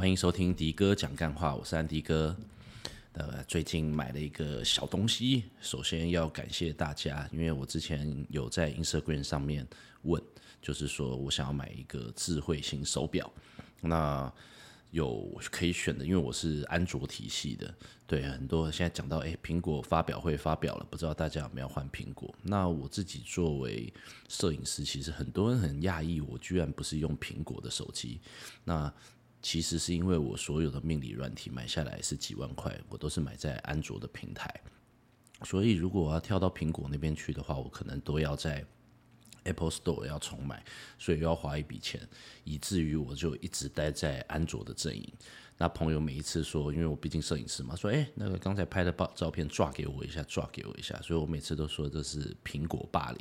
歡迎收聽迪哥講幹話，我是安迪哥。呃，最近買了一個小東西，首先要感謝大家，因為我之前有在 Instagram 上面問，就是說我想要買一個智慧型手錶。那有可以選的，因為我是安卓體系的。對，很多現在講到，誒，蘋果發表會發表了，不知道大家有沒有換蘋果？那我自己作為攝影師，其實很多人很訝異，我居然不是用蘋果的手機。那其實是因為我所有的命理軟體買下來是幾萬塊，我都是買在安卓的平台，所以如果我要跳到蘋果那邊去的話，我可能都要在 Apple Store 要重買，所以要花一筆錢，以至於我就一直待在安卓的陣營。那朋友每一次說，因為我畢竟攝影師嘛，說誒、欸，那個剛才拍的照照片，抓給我一下，抓給我一下。所以我每次都說這是蘋果霸凌，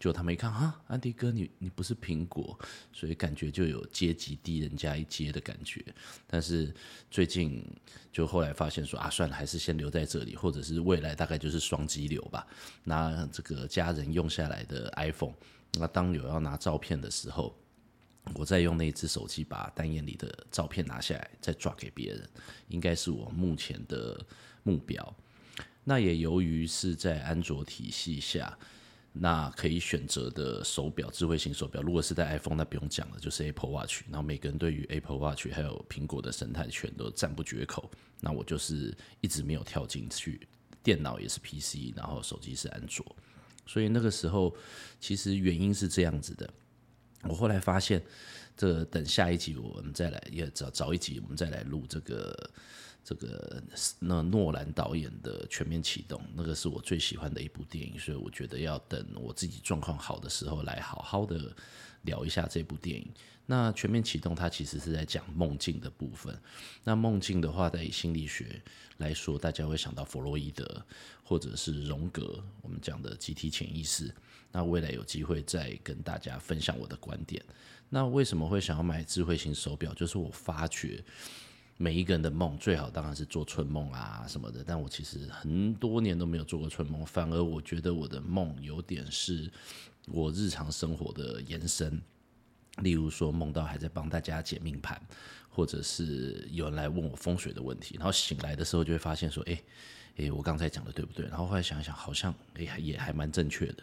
結果他們一看啊，安迪哥你你不是蘋果，所以感覺就有階級低人家一階的感覺。但是最近就後來發現說啊，算了，還是先留在這裡，或者是未來大概就是雙機流吧。那這個家人用下來的 iPhone，那當有要拿照片的時候。我再用那隻手機把單眼裡的照片拿下來，再抓給別人，應該是我目前的目標。那也由於是在安卓體系下，那可以選擇的手錶，智慧型手錶。如果是在 iPhone，那不用講了，就是 Apple Watch。然後每個人對於 Apple Watch 還有蘋果的生態全都讚不絕口。那我就是一直沒有跳進去，電腦也是 PC，然後手機是安卓。所以那個時候，其實原因是這樣子的。我後來發現，這個、等下一集我們再來，也早一集我們再來錄這個這個那諾蘭導演的《全面啟動》，那個是我最喜歡的一部電影，所以我覺得要等我自己狀況好的時候來好好的聊一下這部電影。那《全面啟動》它其實是在講夢境的部分。那夢境的話，在心理學來說，大家會想到弗洛伊德或者是榮格，我們講的集體潛意識。那未來有機會再跟大家分享我的觀點。那為什麼會想要買智慧型手錶？就是我發覺每一個人的夢最好當然是做春夢啊什麼的，但我其實很多年都沒有做過春夢，反而我覺得我的夢有點是我日常生活的延伸。例如說夢到還在幫大家解命盤，或者是有人來問我風水的問題，然後醒來的時候就會發現說：“誒，誒，我剛才講的對不對？”然後後來想一想，好像，誒，也還蠻正確的。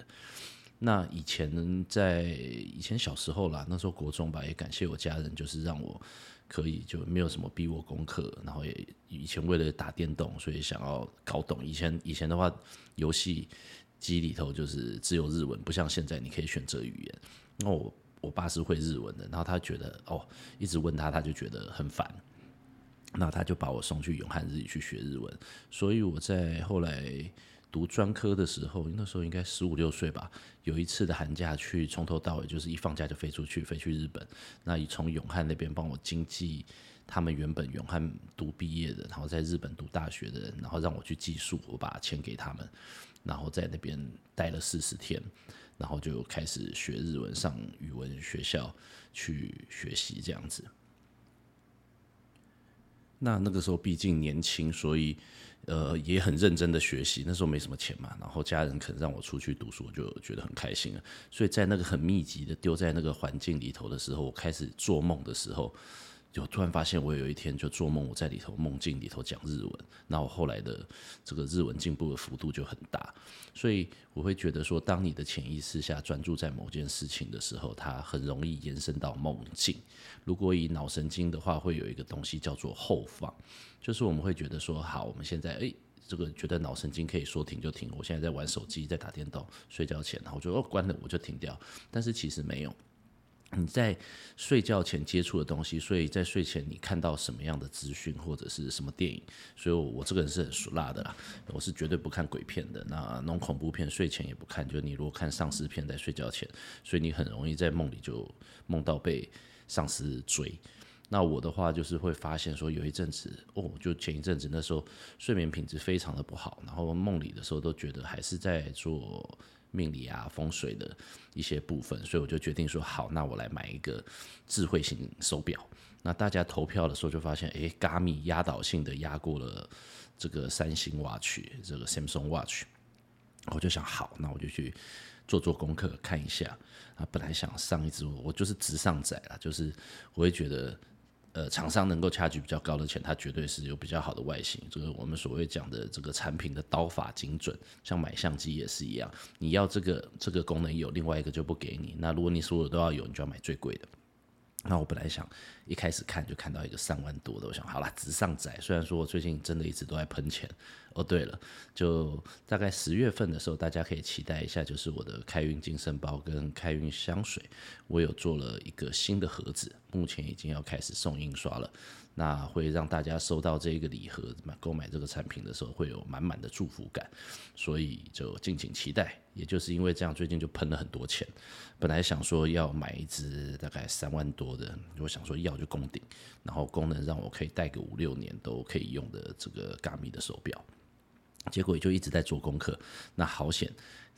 那以前在以前小時候啦，那時候國中吧，也感謝我家人，就是讓我可以就沒有什麼逼我功課，然後也以前為了打電動，所以想要搞懂以前以前的話，遊戲機裡頭就是只有日文，不像現在你可以選擇語言。那、哦、我我爸是會日文的，然後他覺得哦，一直問他他就覺得很煩，那他就把我送去永漢日語去學日文，所以我在後來。讀專科的時候，那時候應該十五六歲吧。有一次的寒假去，從頭到尾就是一放假就飛出去，飛去日本。那從永漢那邊幫我經濟，他們原本永漢讀畢業的，然後在日本讀大學的人，然後讓我去寄宿，我把錢給他們，然後在那邊待了四十天，然後就開始學日文，上語文學校去學習這樣子。那那個時候畢竟年輕，所以。呃，也很認真的學習。那時候沒什麼錢嘛，然後家人肯讓我出去讀書，我就覺得很開心了。所以在那個很密集的丟在那個環境裡頭的時候，我開始做夢的時候。就突然發現，我有一天就做夢，我在裡頭夢境裡頭講日文，那我後來的這個日文進步的幅度就很大，所以我會覺得說，當你的潛意識下專注在某件事情的時候，它很容易延伸到夢境。如果以腦神經的話，會有一個東西叫做後放，就是我們會覺得說，好，我們現在哎、欸，這個覺得腦神經可以說停就停，我現在在玩手機，在打電動，睡覺前，然後我覺得，哦，關了，我就停掉，但是其實沒有。你在睡覺前接觸的東西，所以在睡前你看到什麼樣的資訊或者是什麼電影。所以我，我這個人是很俗辣的啦，我是絕對不看鬼片的，那那種恐怖片睡前也不看，就是你如果看喪屍片在睡覺前，所以你很容易在夢裡就夢到被喪屍追。那我的話就是會發現說有一陣子哦，就前一陣子那時候睡眠品質非常的不好，然後夢裡的時候都覺得還是在做。命理啊，風水的一些部分，所以我就決定說好，那我來買一個智慧型手錶。那大家投票的時候就發現，誒 Garmin 壓倒性的壓過了這個三星 Watch，這個 Samsung Watch。我就想，好，那我就去做做功課看一下。啊，本來想上一支，我就是直上仔啦，就是我會覺得。呃，廠商能夠差距比較高的錢，它絕對是有比較好的外形，就是我們所謂講的這個產品的刀法精準。像買相機也是一樣，你要這個這個功能有，另外一個就不給你。那如果你所有都要有，你就要買最貴的。那我本來想一開始看就看到一個三萬多的，我想好了，直上載。雖然說我最近真的一直都在噴錢。哦，對了，就大概十月份的時候，大家可以期待一下，就是我的開運精神包跟開運香水，我有做了一個新的盒子，目前已經要開始送印刷了。那會讓大家收到這個禮盒，買購買這個產品的時候會有滿滿的祝福感，所以就敬請期待。也就是因為這樣，最近就噴了很多錢。本來想說要買一隻大概三萬多的，我想說要就攻頂，然後功能讓我可以戴個五六年都可以用的這個 Garmin 的手錶，結果也就一直在做功課。那好險，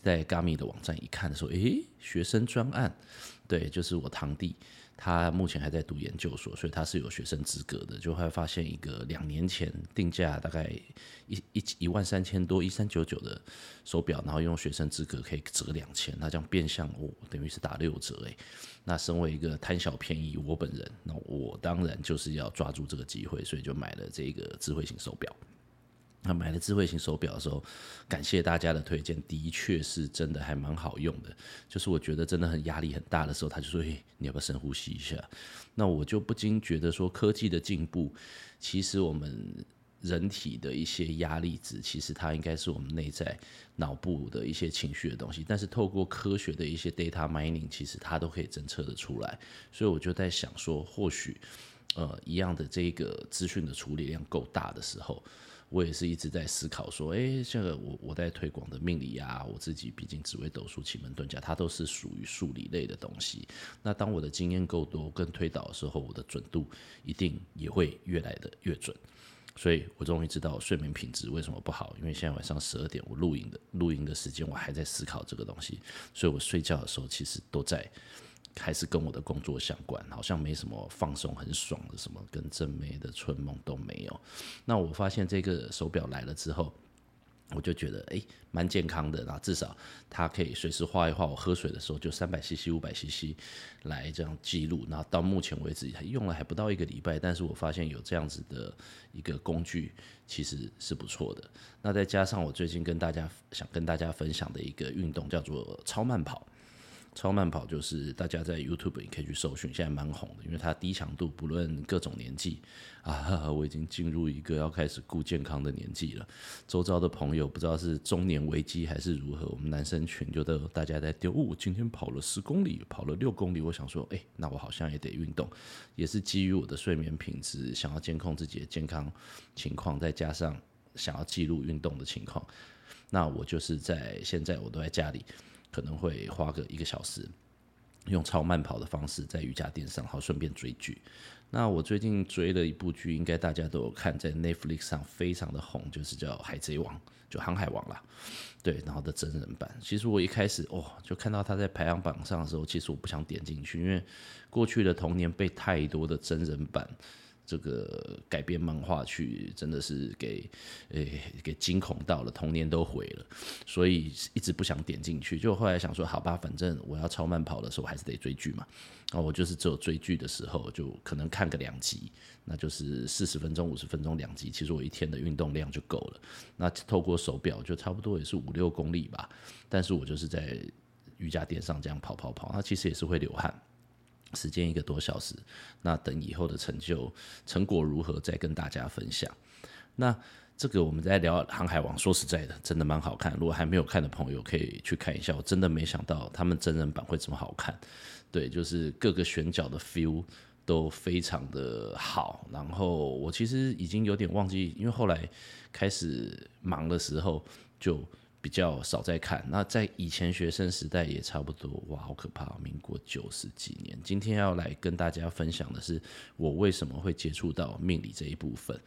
在 Garmin 的網站一看，說，誒，學生專案，對，就是我堂弟。他目前還在讀研究所，所以他是有學生資格的，就會發現一個兩年前定價大概一一一萬三千多一三九九的手錶，然後用學生資格可以折兩千，那這樣變相哦，等於是打六折欸。那身為一個貪小便宜，我本人，那我當然就是要抓住這個機會，所以就買了這個智慧型手錶。那買了智慧型手表的時候，感謝大家的推薦，的確是真的還蠻好用的。就是我覺得真的很壓力很大的時候，他就說，欸，你要不要深呼吸一下。那我就不禁覺得說，科技的進步，其實我們人體的一些壓力值，其實它應該是我們內在腦部的一些情緒的東西。但是透過科學的一些 data mining，其實它都可以偵測得出來。所以我就在想說，或許呃一樣的這個資訊的處理量夠大的時候。我也是一直在思考，說，哎、欸，這個我我在推廣的命理呀、啊，我自己畢竟只會斗數、奇門遁甲，它都是屬於數理類的東西。那當我的經驗夠多，跟推導的時候，我的準度一定也會越來的越準。所以我終於知道睡眠品質為什麼不好，因為現在晚上十二點我露，我錄音的錄音的時間，我還在思考這個東西，所以我睡覺的時候其實都在。還是跟我的工作相關，好像沒什麼放鬆、很爽的什麼，跟正妹的春夢都沒有。那我發現這個手錶來了之後，我就覺得誒蠻、欸、健康的。那至少它可以隨時畫一畫，我喝水的時候就三百 CC、五百 CC 來這樣記錄。那到目前為止還用了還不到一個禮拜，但是我發現有這樣子的一個工具其實是不錯的。那再加上我最近跟大家想跟大家分享的一個運動叫做超慢跑。超慢跑就是大家在 YouTube 也可以去搜尋，現在蠻紅的，因為它低強度，不論各種年紀啊。哈哈，我已經進入一個要開始顧健康的年紀了，周遭的朋友不知道是中年危機還是如何，我們男生群就都有大家在丟。哦，我今天跑了十公里，跑了六公里，我想說，哎，那我好像也得運動。也是基於我的睡眠品質，想要監控自己的健康情況，再加上想要記錄運動的情況，那我就是在現在我都在家裡。可能會花個一個小時，用超慢跑的方式在瑜伽墊上，好順便追劇。那我最近追了一部劇，應該大家都有看，在 Netflix 上非常的紅，就是叫《海賊王》，就航海王啦，對，然後的真人版。其實我一開始哦，就看到他在排行榜上的時候，其實我不想點進去，因為過去的童年被太多的真人版。這個改編漫畫去真的是給誒、欸、給驚恐到了，童年都毀了，所以一直不想點進去。就後來想說，好吧，反正我要超慢跑的時候，還是得追劇嘛。啊、哦，我就是只有追劇的時候，就可能看個兩集，那就是四十分鐘、五十分鐘兩集，其實我一天的運動量就夠了。那透過手錶就差不多也是五六公里吧。但是我就是在瑜伽墊上這樣跑跑跑，那其實也是會流汗，時間一個多小時，那等以後的成就成果如何，再跟大家分享。那這個我們在聊《航海王》，說實在的，真的蠻好看。如果還沒有看的朋友，可以去看一下。我真的沒想到他們真人版會這麼好看，對，就是各個選角的 feel 都非常的好。然後我其實已經有點忘記，因為後來開始忙的時候就。比較少在看，那在以前學生時代也差不多，哇，好可怕喔！民國九十幾年，今天要來跟大家分享的是我為什麼會接觸到命理這一部分。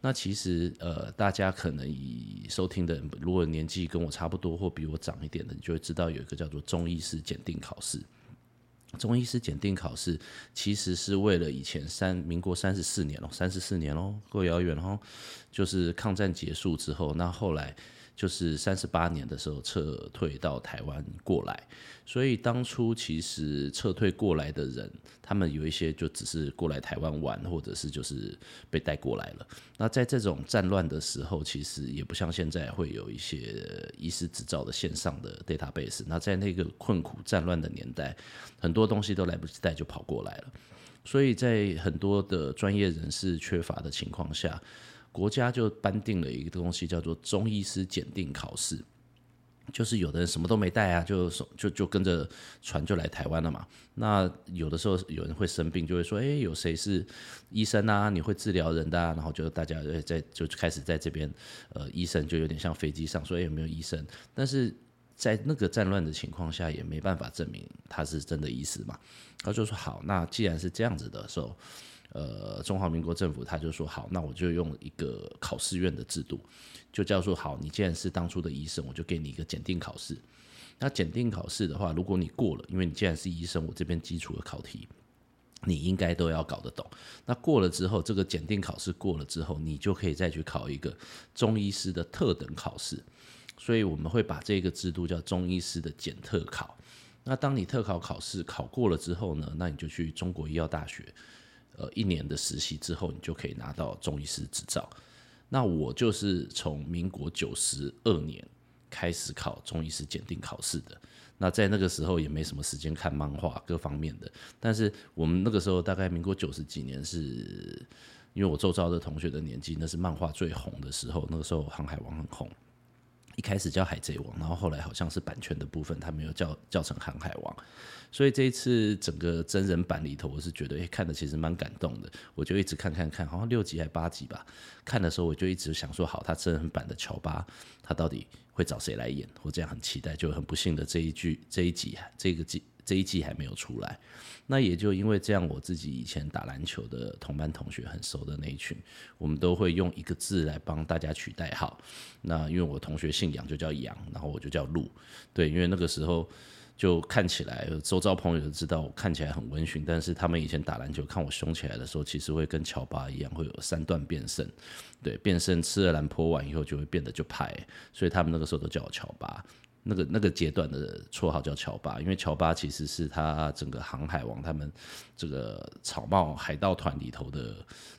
那其實，呃，大家可能以收聽的人，如果年紀跟我差不多或比我長一點的，你就會知道有一個叫做中醫師檢定考試。中醫師檢定考試其實是為了以前三，民國三十四年嘍，三十四年嘍，喔，夠遙遠嘍，就是抗戰結束之後，那後來。就是三十八年的時候撤退到台灣過來，所以當初其實撤退過來的人，他們有一些就只是過來台灣玩，或者是就是被帶過來了。那在這種戰亂的時候，其實也不像現在會有一些醫師執照的線上的 database。那在那個困苦戰亂的年代，很多東西都來不及帶就跑過來了，所以在很多的專業人士缺乏的情況下，國家就頒定了一個東西，叫做中醫師檢定考試。就是有的人什麼都沒帶啊，就就就跟着船就來台灣了嘛。那有的時候有人會生病，就會說：“欸，有誰是醫生啊？你會治療人的啊？”然後就大家在就開始在這邊，呃，醫生就有點像飛機上說：“欸，有沒有醫生？”但是在那個戰亂的情況下，也沒辦法證明他是真的醫師嘛。他就說：“好，那既然是這樣子的時候。”呃，中華民國政府他就說好，那我就用一個考試院的制度，就叫做好，你既然是當初的醫生，我就給你一個檢定考試。那檢定考試的話，如果你過了，因為你既然是醫生，我這邊基礎的考題你應該都要搞得懂。那過了之後，這個檢定考試過了之後，你就可以再去考一個中醫師的特等考試。所以我們會把這個制度叫中醫師的檢特考。那當你特考考試考過了之後呢，那你就去中國醫藥大學。呃，一年的實習之後，你就可以拿到中醫師執照。那我就是從民國九十二年開始考中醫師檢定考試的。那在那個時候也沒什麼時間看漫畫各方面的，但是我們那個時候大概民國九十幾年是，因為我周遭的同學的年紀，那是漫畫最紅的時候。那個時候《航海王》很紅。一開始叫海賊王，然後後來好像是版權的部分，他沒有叫叫成航海王，所以這一次整個真人版裡頭，我是覺得、欸、看的其實蠻感動的。我就一直看看看，好像六集還八集吧。看的時候我就一直想說，好，他真人版的喬巴，他到底會找誰來演？我這樣很期待。就很不幸的這一句，這一集、啊、這個集。這一季還沒有出來，那也就因為這樣，我自己以前打籃球的同班同學很熟的那一群，我們都會用一個字來幫大家取代。好，那因為我同學姓楊，就叫楊，然後我就叫鹿。對，因為那個時候就看起來，周遭朋友都知道我看起來很溫馴，但是他們以前打籃球看我凶起來的時候，其實會跟喬巴一樣，會有三段變身。對，變身吃了藍波丸以後就會變得就派、欸。所以他們那個時候都叫我喬巴。那個那個階段的綽號叫喬巴，因為喬巴其實是他整個航海王他們這個草帽海盜團裡頭的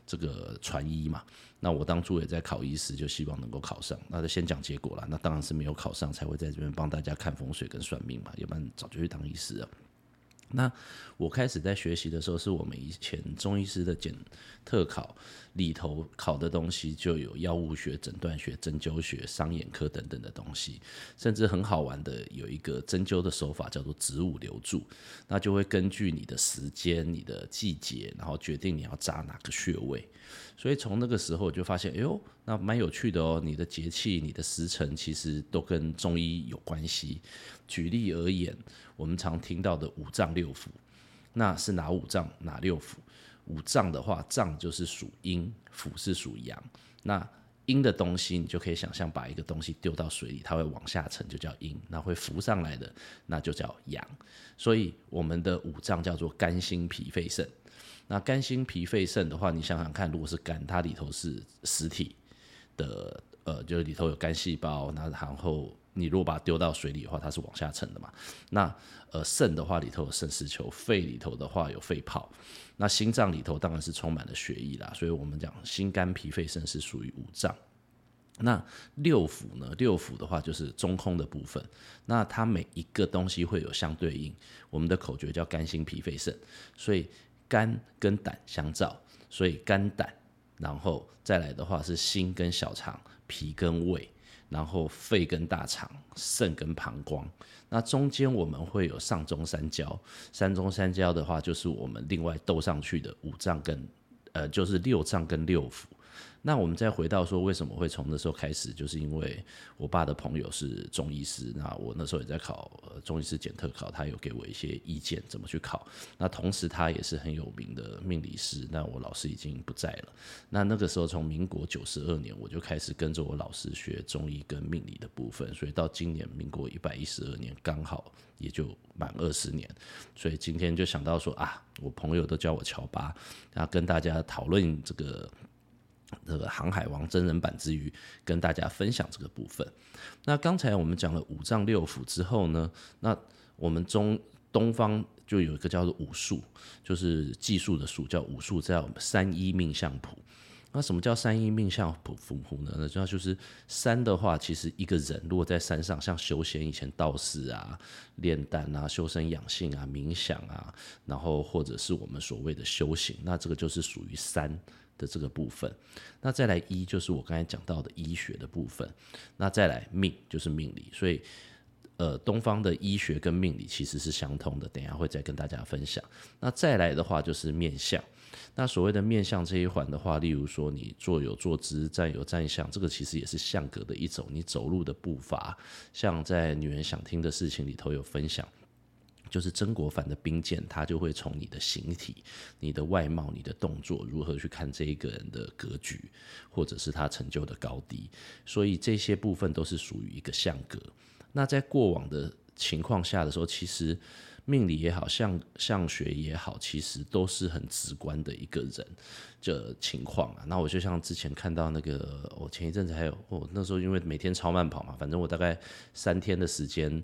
這個船醫嘛。那我當初也在考醫師，就希望能夠考上，那就先講結果啦。那當然是沒有考上，才會在這邊幫大家看風水跟算命嘛，要不然早就去當醫師了。那我開始在學習的時候，是我們以前中醫師的檢特考裡頭考的東西，就有藥物學、診斷學、針灸學、傷眼科等等的東西，甚至很好玩的，有一個針灸的手法叫做子午流注，那就會根據你的時間、你的季節，然後決定你要扎哪個穴位。所以從那個時候我就發現，哎呦，那蠻有趣的哦，你的節氣、你的時辰，其實都跟中醫有關係。舉例而言。我們常聽到的五臟六腑，那是哪五臟哪六腑？五臟的話，臟就是屬陰，腑是屬陽。那陰的東西，你就可以想象把一個東西丟到水裡，它會往下沉，就叫陰；那會浮上來的，那就叫陽。所以我們的五臟叫做肝、心、脾、肺、腎。那肝、心、脾、肺、腎的話，你想想看，如果是肝，它裡頭是實體的。呃，就是裡頭有肝細胞，那然後你如果把它丟到水裡的話，它是往下沉的嘛。那呃，腎的話裡頭有腎絲球，肺裡頭的話有肺泡，那心臟裡頭當然是充滿了血液啦。所以我們講心肝脾肺腎是屬於五臟。那六腑呢？六腑的話就是中空的部分，那它每一個東西會有相對應。我們的口訣叫肝心脾肺腎，所以肝跟膽相照，所以肝膽，然後再來的話是心跟小腸。脾跟胃，然後肺跟大腸，腎跟膀胱。那中間我們會有上中三焦，上中三焦的話，就是我們另外鬥上去的五臟跟，呃，就是六臟跟六腑。那我們再回到說，為什麼會從那時候開始？就是因為我爸的朋友是中醫師，那我那時候也在考、呃、中醫師檢特考，他有給我一些意見怎麼去考。那同時他也是很有名的命理師，那我老師已經不在了。那那個時候從民國九十二年我就開始跟着我老師學中醫跟命理的部分，所以到今年民國一百一十二年剛好也就滿二十年，所以今天就想到說啊，我朋友都叫我喬巴，然後跟大家討論這個。這個《航海王》真人版之餘，跟大家分享這個部分。那剛才我們講了五臟六腑之後呢，那我們中東方就有一個叫做五術，就是技術的術，叫五術。叫山醫命相卜。那什麼叫山醫命相卜，卜呢？那就要就是山的話，其實一個人如果在山上，像修仙以前道士啊、煉丹啊、修身養性啊、冥想啊，然後或者是我們所謂的修行，那這個就是屬於山。的這個部分，那再來醫就是我剛才講到的醫學的部分，那再來命就是命理，所以呃，東方的醫學跟命理其實是相通的，等一下會再跟大家分享。那再來的話就是面相，那所謂的面相這一環的話，例如說你坐有坐姿，站有站相，這個其實也是相格的一種，你走路的步伐，像在女人想聽的事情裡頭有分享。就是曾國藩的冰鑑，他就會從你的形體、你的外貌、你的動作，如何去看這一個人的格局，或者是他成就的高低。所以這些部分都是屬於一個相格。那在過往的情況下的時候，其實命理也好，相相學也好，其實都是很直觀的一個人的情況啊。那我就像之前看到那個，我前一陣子還有，哦，那時候因為每天超慢跑嘛，反正我大概三天的時間。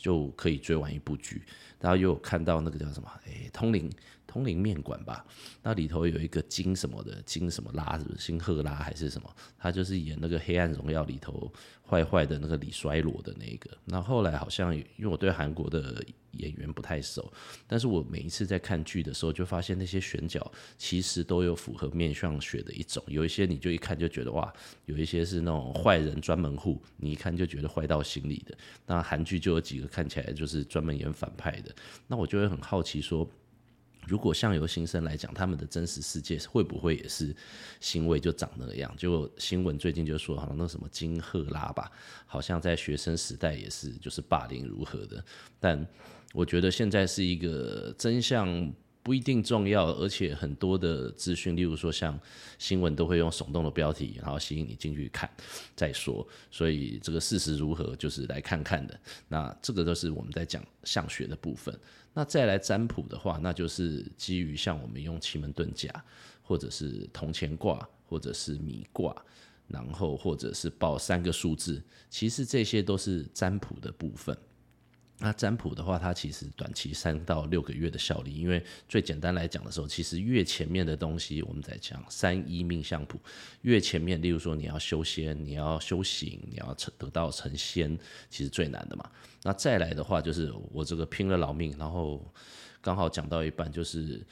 就可以追完一部劇，然後又看到那個叫什麼？哎、欸，通靈。通靈麵館吧，那裡頭有一個金什麼的，金什麼拉是不是，什麼，金赫拉還是什麼？他就是演那個《黑暗榮耀》裡頭壞壞的那個李衰羅的那個。那後來好像因為我對韓國的演員不太熟，但是我每一次在看劇的時候，就發現那些選角其實都有符合面相學的一種。有一些你就一看就覺得哇，有一些是那種壞人專門戶，你一看就覺得壞到心裡的。那韓劇就有幾個看起來就是專門演反派的，那我就會很好奇說。如果相由心生來講，他們的真實世界會不會也是行為就長那個樣？就新聞最近就說好像那什麼金赫拉吧，好像在學生時代也是就是霸凌如何的。但我覺得現在是一個真相不一定重要，而且很多的資訊，例如說像新聞都會用聳動的標題，然後吸引你進去看再說。所以這個事實如何，就是來看看的。那這個都是我們在講相學的部分。那再來占卜的話，那就是基於像我們用奇門遁甲，或者是銅錢卦，或者是米卦，然後或者是報三個數字，其實這些都是占卜的部分。那占卜的話，它其實短期三到六個月的效力，因為最簡單來講的時候，其實越前面的東西我們在講山醫命相卜，越前面，例如說你要修仙，你要修行，你要成得道成仙，其實最難的嘛。那再來的話，就是我這個拼了老命，然後剛好講到一半，就是。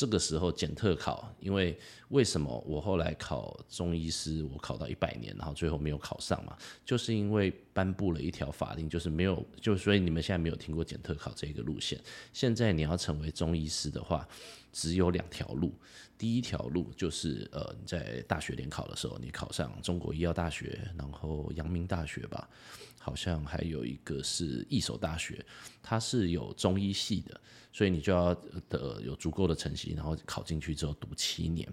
這個時候檢特考，因為為什麼我後來考中醫師，我考到一百年，然後最後沒有考上嘛，就是因為頒佈了一條法令，就是沒有，就所以你們現在沒有聽過檢特考這個路線。現在你要成為中醫師的話。只有兩條路，第一條路就是呃在大學聯考的時候，你考上中國醫藥大學，然後陽明大學吧，好像還有一個是義守大學，它是有中醫系的，所以你就要得有足夠的成績，然後考進去之後讀七年，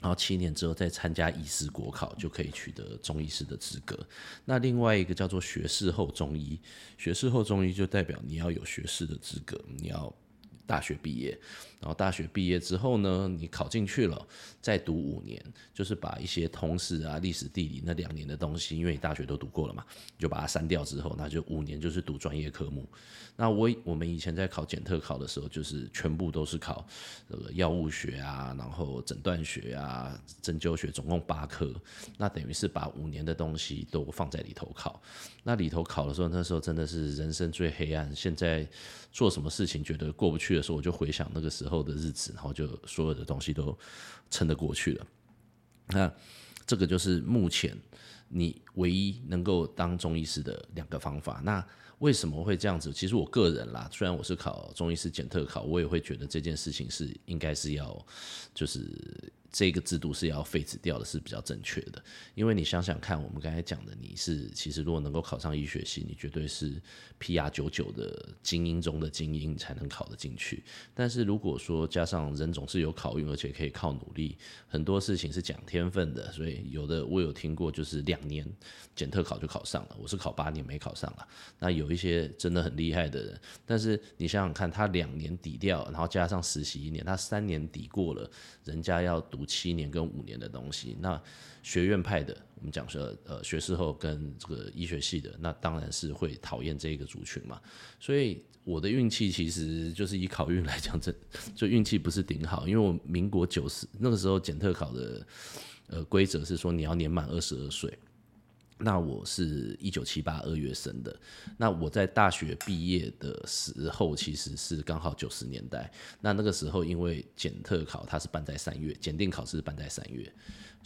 然後七年之後再參加醫師國考，就可以取得中醫師的資格。那另外一個叫做學士後中醫，學士後中醫就代表你要有學士的資格，你要大學畢業。然後大學畢業之後呢，你考進去了，再讀五年，就是把一些通史啊、歷史、地理那兩年的東西，因為你大學都讀過了嘛，就把它刪掉之後，那就五年就是讀專業科目。那我我們以前在考檢特考的時候，就是全部都是考，呃、這個，藥物學啊，然後診斷學啊，針灸學，總共八科，那等於是把五年的東西都放在裡頭考。那裡頭考的時候，那時候真的是人生最黑暗。現在做什麼事情覺得過不去的時候，我就回想那個時候。之後的日子，然後就所有的東西都撐得過去了。那這個就是目前你唯一能夠當中醫師的兩個方法。那為什麼會這樣子？其實我個人啦，雖然我是考中醫師檢特考，我也會覺得這件事情是應該是要，就是這個制度是要廢止掉的，是比較正確的。因為你想想看，我們剛才講的，你是其實如果能夠考上醫學系，你絕對是 PR99 的精英中的精英才能考得進去。但是如果說加上人總是有考運，而且可以靠努力，很多事情是講天分的。所以有的我有聽過，就是兩年檢特考就考上了，我是考八年沒考上了。那有。有一些真的很厲害的人，但是你想想看，他兩年抵掉，然後加上實習一年，他三年抵過了。人家要讀七年跟五年的東西，那學院派的，我們講說呃學士後跟這個醫學系的，那當然是會討厭這個族群嘛。所以我的運氣其實就是以考運來講，這就運氣不是頂好，因為我民國九十那個時候檢特考的呃規則是說你要年滿二十二歲。那我是一九七八二月生的，那我在大學畢業的時候其實是剛好九十年代，那那個時候因為檢特考它是辦在三月，檢定考試是辦在三月。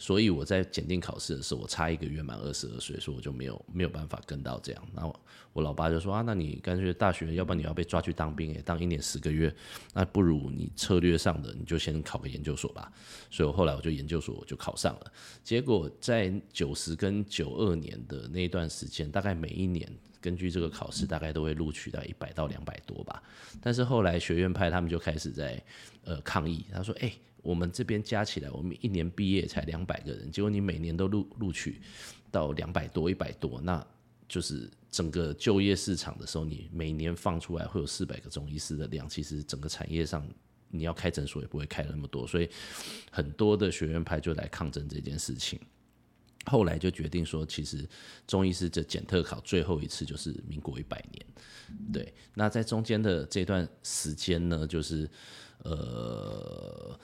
所以我在檢定考試的時候，我差一個月滿二十二歲，所以我就沒有沒有辦法跟到這樣。那我老爸就說啊，那你乾脆大學，要不然你要被抓去當兵哎，欸，當一年十個月，那不如你策略上的，你就先考個研究所吧。所以我後來我就研究所就考上了。結果在九十跟九二年的那一段時間，大概每一年根據這個考試，大概都會錄取100到一百到兩百多吧。但是後來學院派他們就開始在呃抗議，他說哎，欸我們這邊加起來，我們一年畢業才兩百個人，結果你每年都錄錄取到兩百多、一百多，那就是整個就業市場的時候，你每年放出來會有四百個中醫師的量，其實整個產業上你要開診所也不會開那麼多，所以很多的學院派就來抗爭這件事情。後來就決定說，其實中醫師這檢特考最後一次就是民國一百年，對。那在中間的這段時間呢，就是呃。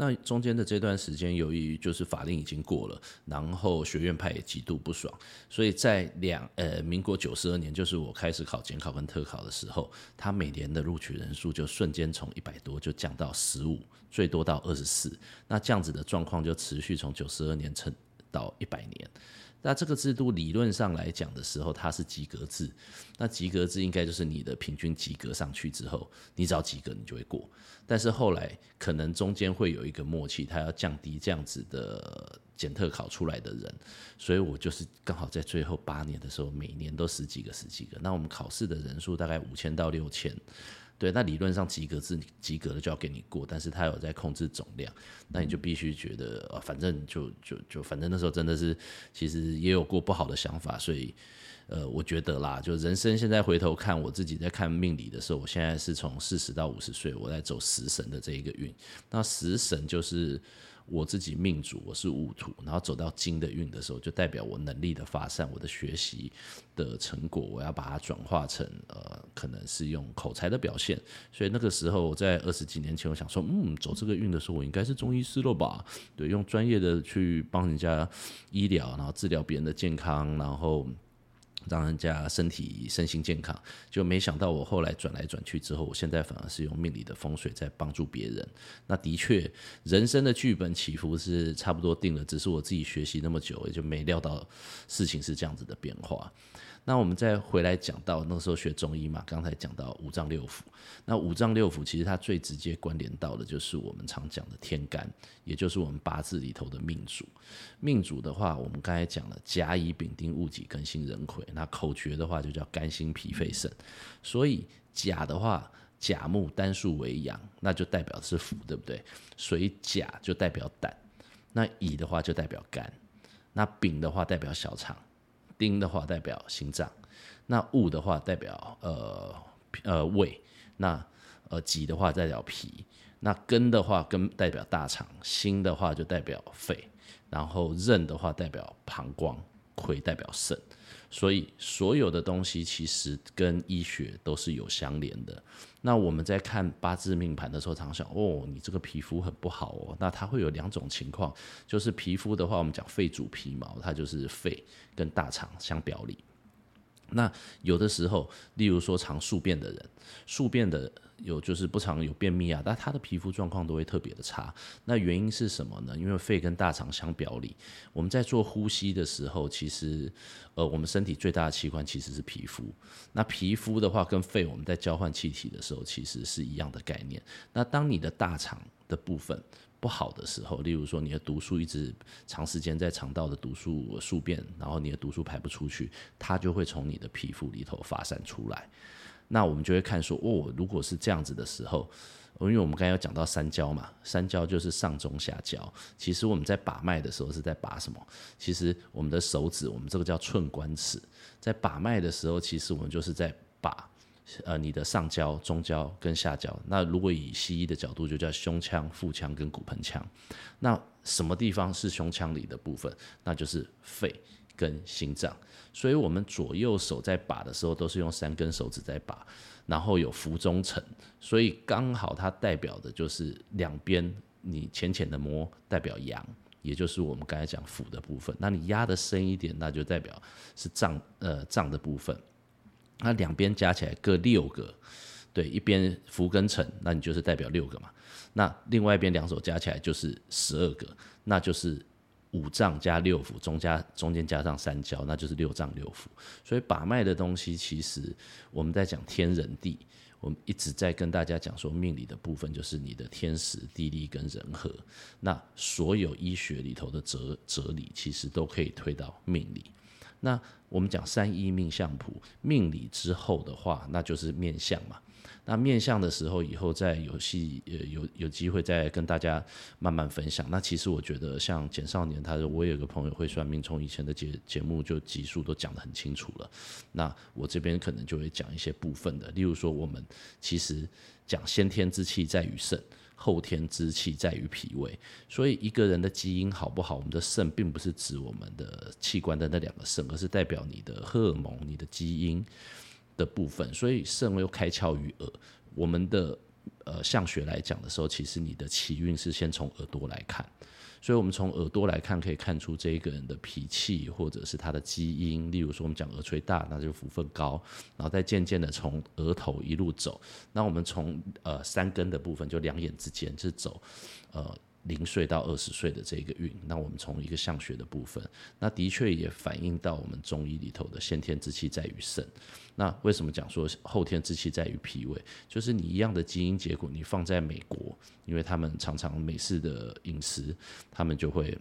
那中間的這段時間，由於就是法令已經過了，然後學院派也極度不爽，所以在兩呃，民國九十二年，就是我開始考檢考跟特考的時候，他每年的錄取人數就瞬間從一百多就降到十五，最多到二十四。那這樣子的狀況就持續從九十二年撐到一百年。那這個制度理論上來講的時候，它是及格制。那及格制應該就是你的平均及格上去之後，你只要及格，你就會過。但是後來可能中間會有一個默契，他要降低這樣子的檢特考出來的人，所以我就是剛好在最後八年的時候，每年都十幾個十幾個。那我們考試的人數大概五千到六千。對，那理論上及格是及格了就要給你過，但是他有在控制總量，那你就必須覺得，啊、呃，反正就就就，反正那時候真的是，其實也有過不好的想法，所以，呃，我覺得啦，就人生現在回頭看，我自己在看命理的時候，我現在是從四十到五十歲，我在走食神的這一個運，那食神就是。我自己命主我是戊土，然後走到金的運的時候，就代表我能力的發散，我的學習的成果，我要把它轉化成呃，可能是用口才的表現。所以那個時候我在二十幾年前，我想說，嗯，走這個運的時候，我應該是中醫師了吧？對，用專業的去幫人家醫療，然後治療別人的健康，然後。讓人家身體身心健康，就沒想到我後來轉來轉去之後，我現在反而是用命理的風水在幫助別人。那的確，人生的劇本起伏是差不多定了，只是我自己學習那麼久，也就沒料到事情是這樣子的變化。那我們再回來講到那時候學中醫嘛，剛才講到五臟六腑，那五臟六腑其實它最直接關聯到的就是我們常講的天干，也就是我們八字裡頭的命主。命主的話，我們剛才講了甲乙丙丁戊己庚辛壬癸，那口訣的話就叫肝心脾肺腎。所以甲的話，甲木單數為陽，那就代表是腑，對不對？所以甲就代表膽，那乙的話就代表肝，那丙的話代表小腸。丁的話代表心臟，那戊的話代表呃呃胃，那呃己的話代表脾，那庚的話庚代表大腸，辛的話就代表肺，然後壬的話代表膀胱，癸代表腎，所以所有的東西其實跟醫學都是有相連的。那我們在看八字命盤的時候，常想哦，你這個皮膚很不好哦。那它會有兩種情況，就是皮膚的話，我們講肺主皮毛，它就是肺跟大腸相表裡。那有的時候，例如說常宿便的人，宿便的。有就是不常有便秘啊，但他的皮膚狀況都會特別的差。那原因是什麼呢？因為肺跟大腸相表裡，我們在做呼吸的時候，其實呃，我們身體最大的器官其實是皮膚。那皮膚的話，跟肺我們在交換氣體的時候，其實是一樣的概念。那當你的大腸的部分不好的時候，例如說你的毒素一直長時間在腸道的毒素宿便，然後你的毒素排不出去，它就會從你的皮膚裡頭發散出來。那我們就會看說，哦，如果是這樣子的時候，因為我們剛才有講到三焦嘛，三焦就是上中下焦。其實我們在把脈的時候是在把什麼？其實我們的手指，我們這個叫寸關尺，在把脈的時候，其實我們就是在把，呃，你的上焦、中焦跟下焦。那如果以西醫的角度，就叫胸腔、腹腔跟骨盆腔。那什麼地方是胸腔裡的部分？那就是肺跟心臟。所以，我們左右手在把的時候，都是用三根手指在把，然後有浮中沉，所以剛好它代表的就是兩邊，你淺淺的摸代表陽，也就是我們剛才講腑的部分。那你壓得深一點，那就代表是臟，呃臟的部分。那兩邊加起來各六個，對，一邊浮跟沉，那你就是代表六個嘛。那另外一邊兩手加起來就是十二個，那就是。五臟加六腑，中加，中間加上三焦，那就是六臟六腑。所以把脈的東西，其實我們在講天人地，我們一直在跟大家講說命理的部分，就是你的天時、地利跟人和。那所有醫學裡頭的哲哲理，其實都可以推到命理。那我們講山醫命相卜，命理之後的話，那就是面相嘛。那面相的時候，以後再有戲，呃，有有機會再跟大家慢慢分享。那其實我覺得像簡少年他，他我有一個朋友會算命，從以前的節節目就基數都講得很清楚了。那我這邊可能就會講一些部分的，例如說我們其實講先天之氣在於腎，後天之氣在於脾胃。所以一個人的基因好不好，我們的腎並不是指我們的器官的那兩個腎，而是代表你的荷爾蒙、你的基因，的部分，所以腎又開竅於耳。我們的呃相學來講的時候，其實你的氣運是先從耳朵來看。所以我們從耳朵來看，可以看出這一個人的脾氣，或者是他的基因。例如說，我們講耳垂大，那就福分高。然後再漸漸的從額頭一路走。那我們從呃山根的部分，就兩眼之間，就走呃。零歲到二十歲的這個運，那我們從一個相學的部分，那的確也反映到我們中醫裡頭的先天之氣在於腎。那為什麼講說後天之氣在於脾胃？就是你一樣的基因結果，你放在美國，因為他們常常美式的飲食，他們就會。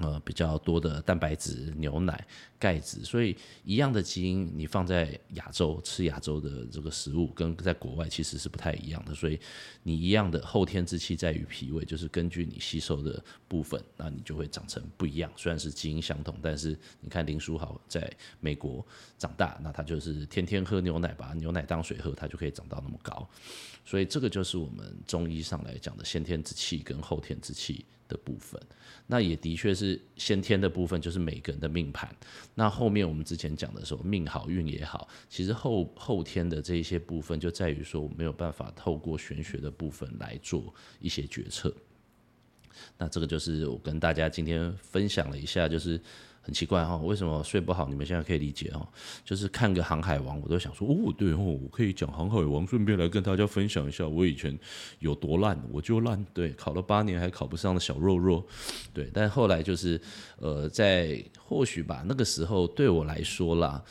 呃，比較多的蛋白質、牛奶、鈣質，所以一樣的基因，你放在亞洲吃亞洲的這個食物，跟在國外其實是不太一樣的。所以你一樣的後天之氣在於脾胃，就是根據你吸收的部分，那你就會長成不一樣。雖然是基因相同，但是你看林書豪在美國長大，那他就是天天喝牛奶，把牛奶當水喝，他就可以長到那麼高。所以這個就是我們中醫上來講的先天之氣跟後天之氣。的部分，那也的確是先天的部分，就是每個人的命盤。那後面我們之前講的時候，命好運也好，其實後後天的這一些部分，就在於說我沒有辦法透過玄學的部分來做一些決策。那這個就是我跟大家今天分享了一下，就是。很奇怪哈、哦，為什麼睡不好？你們現在可以理解哦。就是看個《航海王》，我都想說哦，對哦，我可以講《航海王》，順便來跟大家分享一下我以前有多爛，我就爛，對，考了八年還考不上的小肉肉。對。但後來就是呃，在或許吧，那個時候對我來說啦，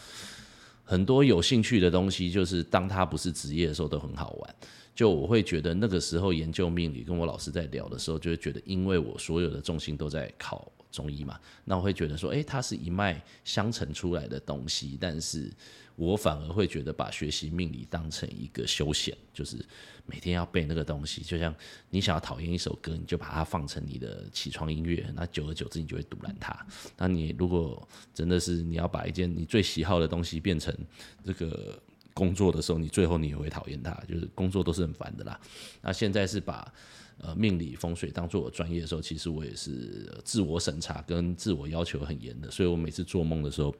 很多有興趣的東西，就是當他不是職業的時候，都很好玩。就我會覺得那個時候研究命理，跟我老師在聊的時候，就會覺得，因為我所有的重心都在考中醫嘛，那我會覺得說，誒、欸，它是一脈相承出來的東西，但是我反而會覺得把學習命理當成一個休閒，就是每天要背那個東西，就像你想要討厭一首歌，你就把它放成你的起床音樂，那久而久之你就會賭爛它。那你如果真的是你要把一件你最喜好的東西變成這個。工作的時候，你最後你也會討厭他，就是工作都是很煩的啦。那現在是把呃命理風水當做我專業的時候，其實我也是自我審查跟自我要求很嚴的，所以我每次做夢的時候。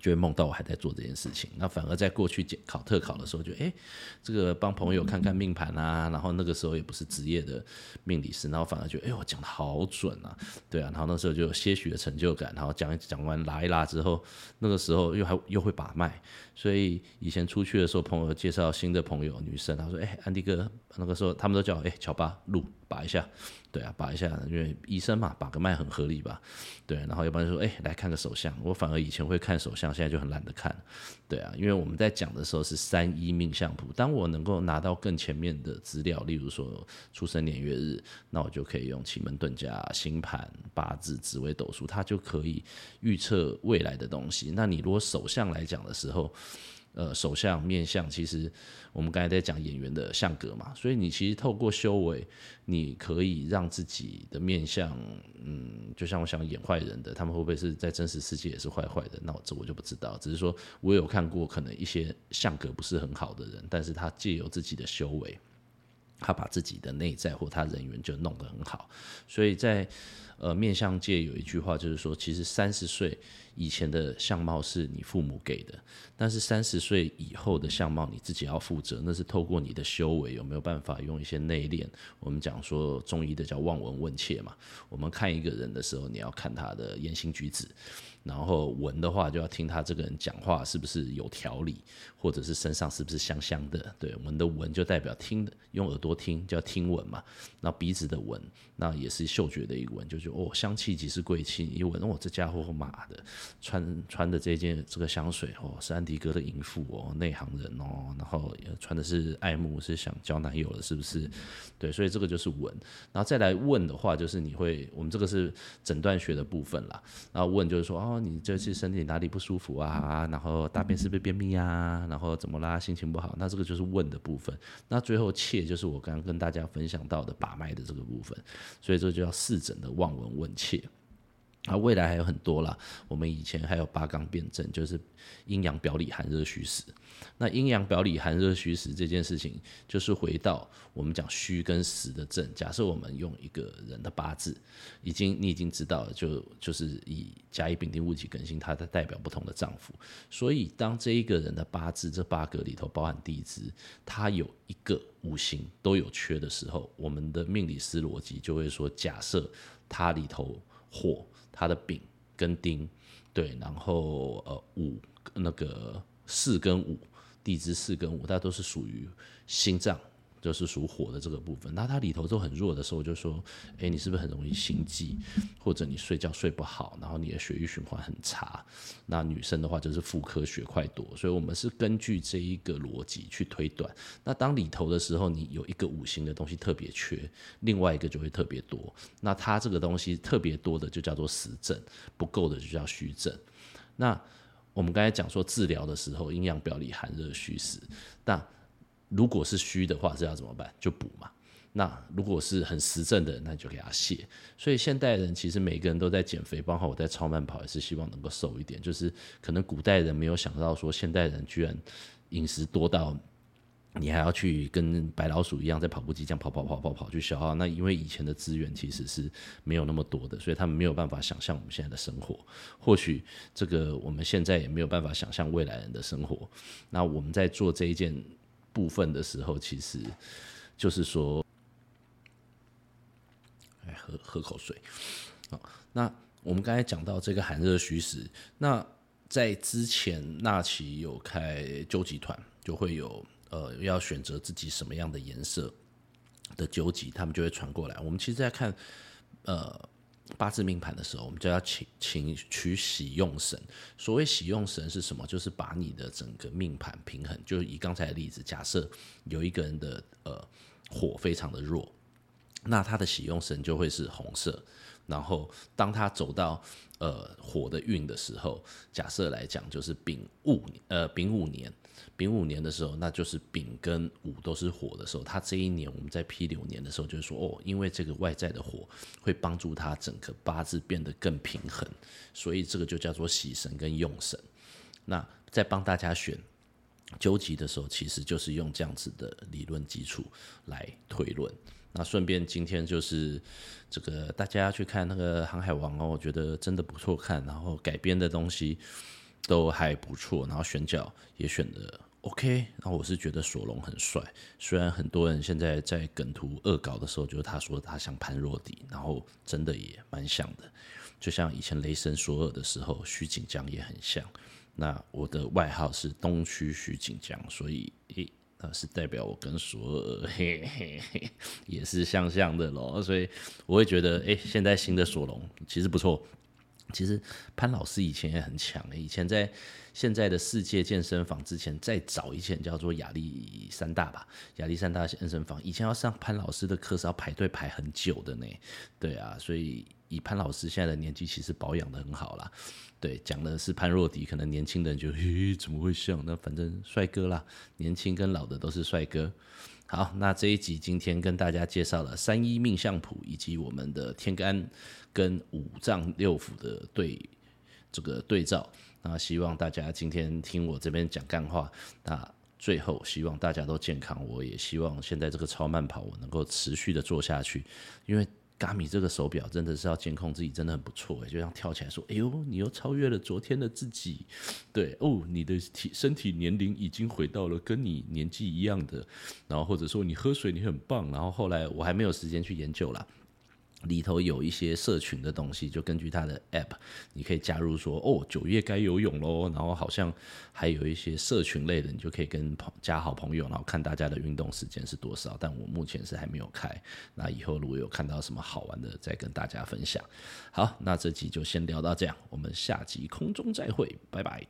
就會夢到我還在做這件事情，那反而在過去檢考特考的時候就，就、欸、哎，這個幫朋友看看命盤啊、嗯，然後那個時候也不是職業的命理師，然後反而覺得、欸、我講得好準啊，對啊，然後那時候就有些許的成就感，然後講一講完拉一拉之後，那個時候又還又會把脈，所以以前出去的時候，朋友介紹新的朋友，女生，然後說哎、欸，安迪哥，那個時候他們都叫我哎、欸，喬巴路。把一下，對啊，把一下，因為醫生嘛，把個脈很合理吧，對啊，然後要不然說，哎、欸，來看個手相，我反而以前會看手相，現在就很懶得看，對啊，因為我們在講的時候是山醫命相卜，當我能夠拿到更前面的資料，例如說出生年月日，那我就可以用奇門遁甲、星盤、八字、紫微斗數，它就可以預測未來的東西。那你如果手相來講的時候，呃，手相面相，其實我們剛才在講演員的相格嘛，所以你其實透過修為，你可以讓自己的面相，嗯，就像我想演壞人的，他們會不會是在真實世界也是壞壞的？那我這我就不知道，只是說我有看過，可能一些相格不是很好的人，但是他借由自己的修為，他把自己的內在或他人緣就弄得很好，所以在。呃，面相界有一句話，就是說，其實三十歲以前的相貌是你父母給的，但是三十歲以後的相貌你自己要負責，那是透過你的修為有沒有辦法用一些內斂。我們講說中醫的叫望聞問切嘛，我們看一個人的時候，你要看他的言行舉止。然後聞的話，就要聽他這個人講話是不是有條理，或者是身上是不是香香的。對，我們的聞就代表聽的，用耳朵聽叫聽聞嘛。那鼻子的聞，那也是嗅覺的一個聞，就是哦，香氣即是貴氣。一聞哦，這家伙媽的，穿穿的這件這個香水哦，是安迪哥的淫婦哦，內行人哦。然後也穿的是愛慕，是想交男友了，是不是？嗯。對，所以這個就是聞。然後再來問的話，就是你會，我們這個是診斷學的部分啦。然後問就是說哦。哦，你這次身體哪裡不舒服啊？然後大便是不是便秘啊？然後怎麼啦？心情不好？那這個就是問的部分。那最後切就是我剛剛跟大家分享到的把脈的這個部分。所以這就叫四診的望聞問切。啊，未來還有很多啦。我們以前還有八綱辨證，就是陰陽、表裡含、寒熱、虛實。那陰陽表裡寒熱虛實這件事情，就是回到我們講虛跟實的證。假設我們用一個人的八字，已經你已經知道了，就就是以甲乙丙丁戊己庚辛，它代表不同的臟腑。所以當這一個人的八字這八個裡頭包含地支，它有一個五行都有缺的時候，我們的命理師邏輯就會說：假設它裡頭火、它的丙跟丁，對，然後呃午那個巳跟午。地支四跟五，它都是屬於心臟，就是屬火的這個部分。那它裡頭都很弱的時候，就說，誒、欸，你是不是很容易心悸，或者你睡覺睡不好，然後你的血液循環很差？那女生的話就是婦科血塊多。所以我們是根據這一個邏輯去推斷。那當裡頭的時候，你有一個五行的東西特別缺，另外一個就會特別多。那它這個東西特別多的就叫做實症，不夠的就叫虛症。那我們剛才講說治療的時候，陰陽表裡寒熱虛實。那如果是虛的話是要怎麼辦？就補嘛。那如果是很實症的人，那你就給他瀉。所以現代人其實每個人都在減肥，包括我在超慢跑，也是希望能夠瘦一點。就是可能古代人沒有想到說，現代人居然飲食多到，你還要去跟白老鼠一樣在跑步機這樣跑跑跑跑跑去消耗？那因為以前的資源其實是沒有那麼多的，所以他們沒有辦法想象我們現在的生活。或許這個我們現在也沒有辦法想象未來人的生活。那我們在做這一件部分的時候，其實就是說，來喝喝口水。好，那我們剛才講到這個寒熱虛實。那在之前那期有開究極團，就會有。呃，要選擇自己什麼樣的顏色的酒吉，他們就會傳過來。我們其實，在看呃八字命盤的時候，我們就要請請取喜用神。所謂喜用神是什麼？就是把你的整個命盤平衡。就是以剛才的例子，假設有一個人的呃火非常的弱，那他的喜用神就會是紅色。然後，當他走到呃火的運的時候，假設來講就是丙戊呃丙午年。呃丙午年的時候，那就是丙跟午都是火的時候，他這一年我們在批流年的時候就說哦，因為這個外在的火會幫助他整個八字變得更平衡，所以這個就叫做喜神跟用神。那在幫大家選究極的時候，其實就是用這樣子的理論基礎來推論。那順便今天就是這個大家要去看那個航海王哦，我覺得真的不錯看，然後改編的東西。都還不錯，然後選角也選的 OK。然後我是覺得索隆很帥，雖然很多人現在在梗圖惡搞的時候，就是他說他像潘若迪，然後真的也蠻像的。就像以前雷神索爾的時候，徐錦江也很像。那我的外號是東區徐錦江，所以，哎，那是代表我跟索爾，嘿嘿嘿，也是相像的咯，所以我會覺得，哎，現在新的索隆其實不錯。其實潘老師以前也很強誒、欸，以前在現在的世界健身房之前，再早以前叫做亞歷山大吧，亞歷山大健身房，以前要上潘老師的課是要排隊排很久的呢，對啊，所以。以潘老師現在的年紀，其實保養得很好啦。對，講的是潘若迪，可能年輕人就嘿、欸，怎麼會像？那反正帥哥啦，年輕跟老的都是帥哥。好，那這一集今天跟大家介紹了三一命相譜，以及我們的天干跟五臟六腑的對，這個對照。那希望大家今天聽我這邊講幹話。那最後希望大家都健康，我也希望現在這個超慢跑我能夠持續的做下去，因為。嘎米這個手表真的是要監控自己，真的很不錯哎，就像跳起來說，哎呦，你又超越了昨天的自己，對哦，你的體身體年齡已經回到了跟你年紀一樣的，然後或者說你喝水你很棒，然後後來我還沒有時間去研究了。裡頭有一些社群的東西，就根據它的 App，你可以加入說，哦，九月該游泳嘍，然後好像還有一些社群類的，你就可以跟朋加好朋友，然後看大家的運動時間是多少。但我目前是還沒有開，那以後如果有看到什麼好玩的，再跟大家分享。好，那這集就先聊到這樣，我們下集空中再會，拜拜。